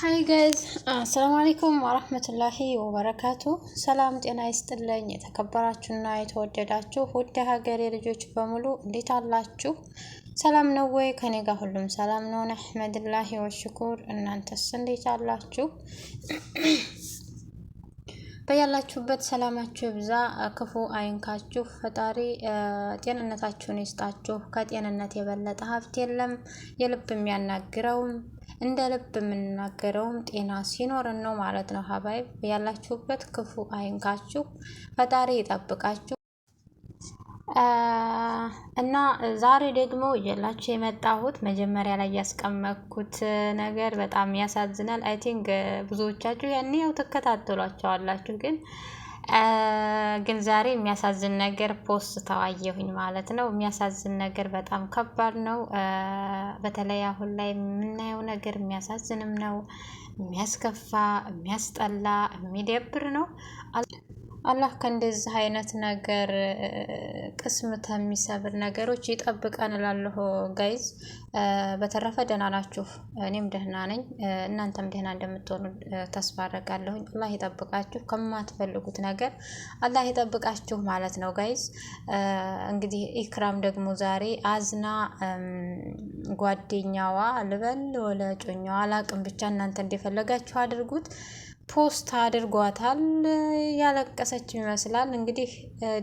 ሀይ ገዝ አሰላሙ አሌይኩም ወረህመቱላሂ ወበረካቱ። ሰላም ጤና ይስጥልኝ። የተከበራችሁና የተወደዳችሁ ውድ ሀገሬ ልጆች በሙሉ እንዴት አላችሁ? ሰላም ነው ወይ? ከኔ ጋር ሁሉም ሰላም ነው። አልሐምዱሊላሂ ወሽኩር። እናንተስ እንዴት አላችሁ? በያላችሁበት ሰላማችሁ ይብዛ፣ ክፉ አይንካችሁ፣ ፈጣሪ ጤንነታችሁን ይስጣችሁ። ከጤንነት የበለጠ ሀብት የለም፣ የልብ የሚያናግረውም እንደ ልብ የምንናገረውም ጤና ሲኖርን ነው ማለት ነው። ሀባይ ያላችሁበት ክፉ አይንካችሁ፣ ፈጣሪ ይጠብቃችሁ። እና ዛሬ ደግሞ እየላችሁ የመጣሁት መጀመሪያ ላይ ያስቀመጥኩት ነገር በጣም ያሳዝናል። አይ ቲንክ ብዙዎቻችሁ ያኔ ያው ትከታተሏቸዋላችሁ ግን ግን ዛሬ የሚያሳዝን ነገር ፖስት ተዋየሁኝ ማለት ነው። የሚያሳዝን ነገር በጣም ከባድ ነው። በተለይ አሁን ላይ የምናየው ነገር የሚያሳዝንም ነው፣ የሚያስከፋ፣ የሚያስጠላ፣ የሚደብር ነው። አላህ ከእንደዚህ አይነት ነገር ቅስምተ የሚሰብር ነገሮች ይጠብቀን እላለሁ። ጋይዝ በተረፈ ደህና ናችሁ? እኔም ደህና ነኝ። እናንተም ደህና እንደምትሆኑ ተስፋ አደርጋለሁኝ። አላህ ይጠብቃችሁ፣ ከማትፈልጉት ነገር አላህ ይጠብቃችሁ ማለት ነው። ጋይዝ እንግዲህ ኢክራም ደግሞ ዛሬ አዝና ጓደኛዋ ልበል ወለ ጮኛዋ አላቅም፣ ብቻ እናንተ እንደፈለጋችሁ አድርጉት ፖስት አድርጓታል። ያለቀሰች ይመስላል። እንግዲህ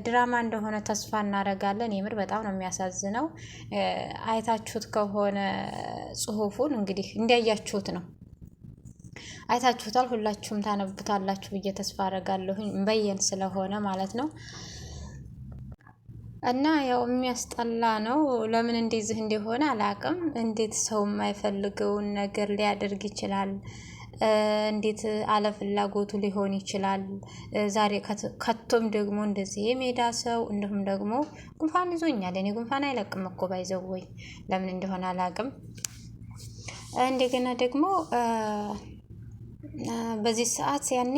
ድራማ እንደሆነ ተስፋ እናደርጋለን። የምር በጣም ነው የሚያሳዝነው። አይታችሁት ከሆነ ጽሁፉን እንግዲህ እንዲያያችሁት ነው አይታችሁታል። ሁላችሁም ታነቡታላችሁ ብዬ ተስፋ አደርጋለሁኝ። በየን ስለሆነ ማለት ነው እና ያው የሚያስጠላ ነው። ለምን እንደዚህ እንደሆነ አላውቅም። እንዴት ሰው የማይፈልገውን ነገር ሊያደርግ ይችላል? እንዴት አለፍላጎቱ ሊሆን ይችላል? ዛሬ ከቶም ደግሞ እንደዚህ የሜዳ ሰው እንዲሁም ደግሞ ጉንፋን ይዞኛል። እኔ ጉንፋን አይለቅም እኮ ባይዘወይ ለምን እንደሆነ አላቅም። እንደገና ደግሞ በዚህ ሰዓት ያኔ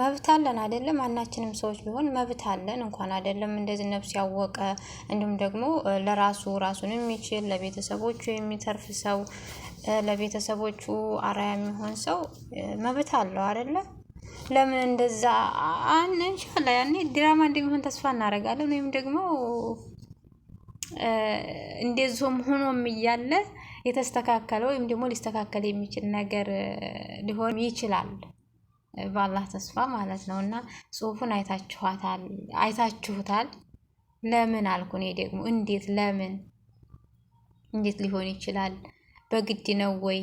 መብት አለን አይደለም። ማናችንም ሰዎች ቢሆን መብት አለን። እንኳን አይደለም እንደዚህ ነፍስ ያወቀ እንዲሁም ደግሞ ለራሱ ራሱን የሚችል ለቤተሰቦቹ የሚተርፍ ሰው ለቤተሰቦቹ አርአያ የሚሆን ሰው መብት አለው አይደለም። ለምን እንደዛ እንሻላ ያኔ ድራማ እንደሚሆን ተስፋ እናደርጋለን። ወይም ደግሞ እንደዞም ሆኖም እያለ የተስተካከለ ወይም ደግሞ ሊስተካከል የሚችል ነገር ሊሆን ይችላል። በአላህ ተስፋ ማለት ነው። እና ጽሁፉን አይታችሁታል። ለምን አልኩ ደግሞ እንዴት ለምን እንዴት ሊሆን ይችላል? በግድ ነው ወይ?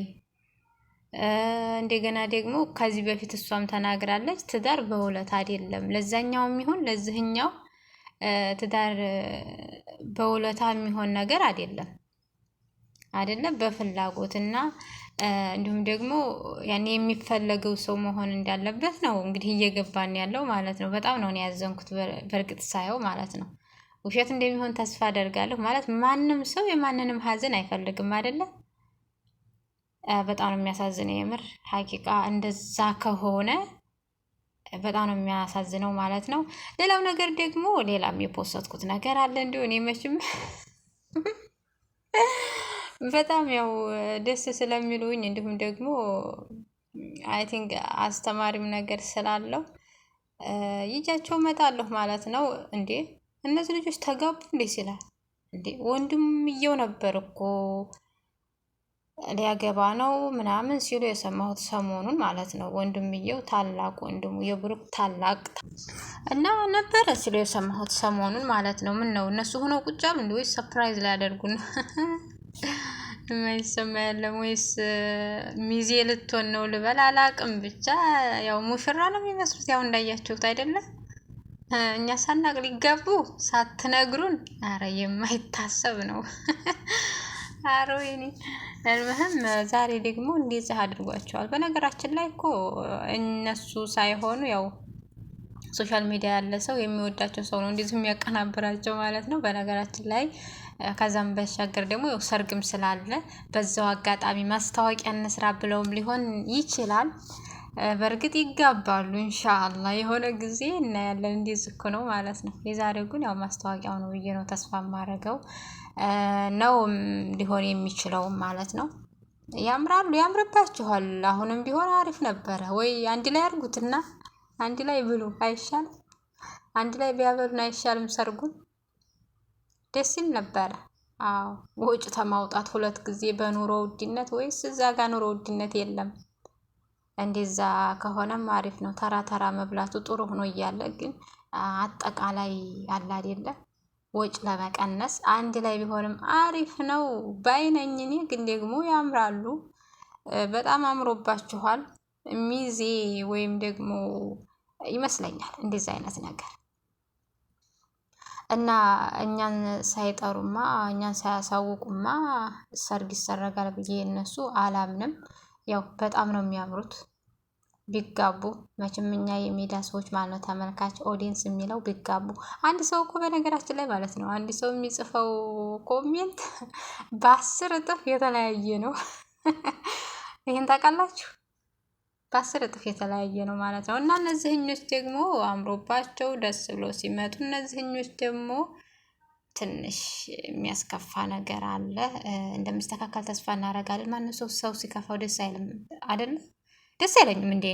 እንደገና ደግሞ ከዚህ በፊት እሷም ተናግራለች። ትዳር በውለታ አይደለም፣ ለዛኛው የሚሆን ለዚህኛው ትዳር በውለታ የሚሆን ነገር አይደለም። አይደለም በፍላጎትና እንዲሁም ደግሞ ያኔ የሚፈለገው ሰው መሆን እንዳለበት ነው እንግዲህ እየገባን ያለው ማለት ነው። በጣም ነው ያዘንኩት በእርግጥ ሳየው ማለት ነው። ውሸት እንደሚሆን ተስፋ አደርጋለሁ ማለት ማንም ሰው የማንንም ሀዘን አይፈልግም አይደለም። በጣም ነው የሚያሳዝነው የምር ሀቂቃ እንደዛ ከሆነ በጣም ነው የሚያሳዝነው ማለት ነው። ሌላው ነገር ደግሞ ሌላም የፖሰትኩት ነገር አለ እንዲሁ እኔ መቼም በጣም ያው ደስ ስለሚሉኝ እንዲሁም ደግሞ አይ ቲንክ አስተማሪም ነገር ስላለው ይጃቸው መጣለሁ ማለት ነው። እንዴ እነዚህ ልጆች ተጋቡ እንዴ ሲላል እንዴ ወንድምየው ነበር እኮ ሊያገባ ነው ምናምን ሲሉ የሰማሁት ሰሞኑን ማለት ነው። ወንድምየው ታላቅ ወንድሙ የብሩክ ታላቅ እና ነበረ ሲሉ የሰማሁት ሰሞኑን ማለት ነው። ምን ነው እነሱ ሆነው ቁጭ አሉ እንዲ ወይ ሰፕራይዝ ሊያደርጉን የማይሰማ ያለም ወይስ ሚዜ ልትሆን ነው ልበል አላቅም። ብቻ ያው ሙሽራ ነው የሚመስሉት። ያው እንዳያችሁት አይደለም እኛ ሳናቅ ሊጋቡ ሳትነግሩን፣ አረ የማይታሰብ ነው። አረ ወይኔ ዛሬ ደግሞ እንደዚህ አድርጓቸዋል። በነገራችን ላይ እኮ እነሱ ሳይሆኑ ያው ሶሻል ሚዲያ ያለ ሰው የሚወዳቸው ሰው ነው እንደዚህ የሚያቀናብራቸው ማለት ነው። በነገራችን ላይ ከዛም በሻገር ደግሞ ያው ሰርግም ስላለ በዛው አጋጣሚ ማስታወቂያ እንስራ ብለውም ሊሆን ይችላል። በእርግጥ ይጋባሉ እንሻአላ የሆነ ጊዜ እናያለን። እንዲህ ዝኩ ነው ማለት ነው። የዛሬው ግን ያው ማስታወቂያው ነው ብዬ ነው ተስፋ የማደርገው ነው ሊሆን የሚችለው ማለት ነው። ያምራሉ፣ ያምርባችኋል። አሁንም ቢሆን አሪፍ ነበረ ወይ አንድ ላይ አድርጉትና አንድ ላይ ብሉ አይሻልም? አንድ ላይ ቢያበሉን አይሻልም ሰርጉን? ደስ ይል ነበረ። አዎ ወጭ ተማውጣት ሁለት ጊዜ በኑሮ ውድነት ወይስ እዛ ጋር ኑሮ ውድነት የለም? እንደዛ ከሆነም አሪፍ ነው። ተራ ተራ መብላቱ ጥሩ ሆኖ እያለ ግን አጠቃላይ አለ አይደለ ወጭ ለመቀነስ አንድ ላይ ቢሆንም አሪፍ ነው ባይነኝ። እኔ ግን ደግሞ ያምራሉ፣ በጣም አምሮባችኋል። ሚዜ ወይም ደግሞ ይመስለኛል እንደዚ አይነት ነገር እና እኛን ሳይጠሩማ እኛን ሳያሳውቁማ ሰርግ ይሰረጋል ብዬ እነሱ አላምንም። ያው በጣም ነው የሚያምሩት ቢጋቡ መቼም እኛ የሚዲያ ሰዎች ማለት ነው ተመልካች ኦዲየንስ የሚለው ቢጋቡ። አንድ ሰው እኮ በነገራችን ላይ ማለት ነው አንድ ሰው የሚጽፈው ኮሜንት በአስር እጥፍ የተለያየ ነው። ይህን ታውቃላችሁ? በአስር እጥፍ የተለያየ ነው ማለት ነው። እና እነዚህኞች ደግሞ አምሮባቸው ደስ ብሎ ሲመጡ፣ እነዚህኞች ደግሞ ትንሽ የሚያስከፋ ነገር አለ። እንደሚስተካከል ተስፋ እናደርጋለን። ማንም ሰው ሰው ሲከፋው ደስ አይልም አይደለም? ደስ አይለኝም እንዴ